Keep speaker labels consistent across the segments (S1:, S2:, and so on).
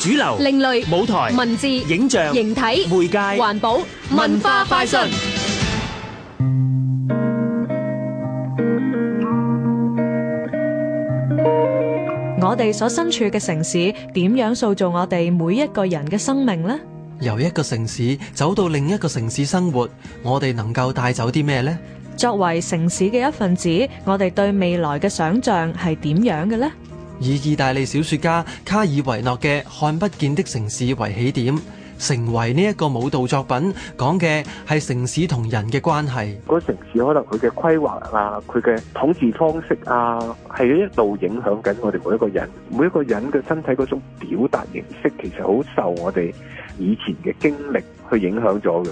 S1: 主流、另類、舞台、文字、影像、形體、媒介、環保、文化快訊。我哋所身處嘅城市，點樣塑造我哋每一個人嘅生命呢？
S2: 由一個城市走到另一個城市生活，我哋能夠帶走啲咩呢？
S1: 作為城市嘅一份子，我哋對未來嘅想象係點樣嘅呢？
S2: 以意大利小說家卡爾維諾嘅《看不見的城市》為起點，成為呢一個舞蹈作品，講嘅係城市同人嘅關係。
S3: 嗰個城市可能佢嘅規劃啊，佢嘅統治方式啊，係一度影響緊我哋每一個人。每一個人嘅身體嗰種表達形式，其實好受我哋以前嘅經歷去影響咗嘅。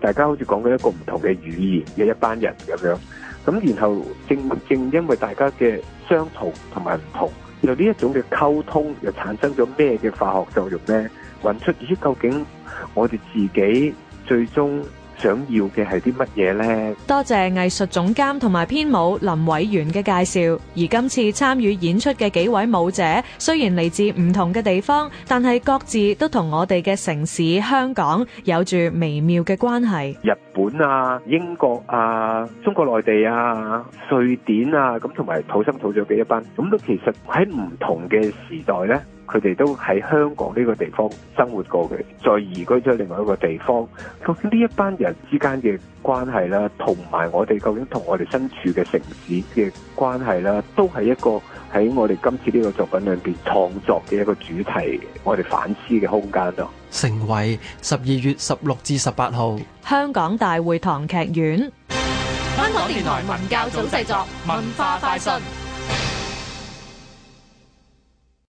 S3: 大家好似講緊一個唔同嘅語言嘅一班人咁樣，咁然後正正因為大家嘅相同同埋唔同。由呢一種嘅溝通，又產生咗咩嘅化學作用呢？找出究竟我哋自己最終想要嘅係啲乜嘢呢？
S1: 多謝藝術總監同埋編舞林偉源嘅介紹。而今次參與演出嘅幾位舞者，雖然嚟自唔同嘅地方，但係各自都同我哋嘅城市香港有住微妙嘅關係。
S3: 日本啊，英國啊，中國內地啊，瑞典啊，咁同埋土生土長嘅一班，咁都其實喺唔同嘅時代呢。佢哋都喺香港呢個地方生活過嘅，再移居咗另外一個地方。究竟呢一班人之間嘅關係啦，同埋我哋究竟同我哋身處嘅城市嘅關係啦，都係一個喺我哋今次呢個作品裏邊創作嘅一個主題，我哋反思嘅空間咯。
S2: 成為十二月十六至十八號
S1: 香港大會堂劇院，香港電台文教組製作文化快訊。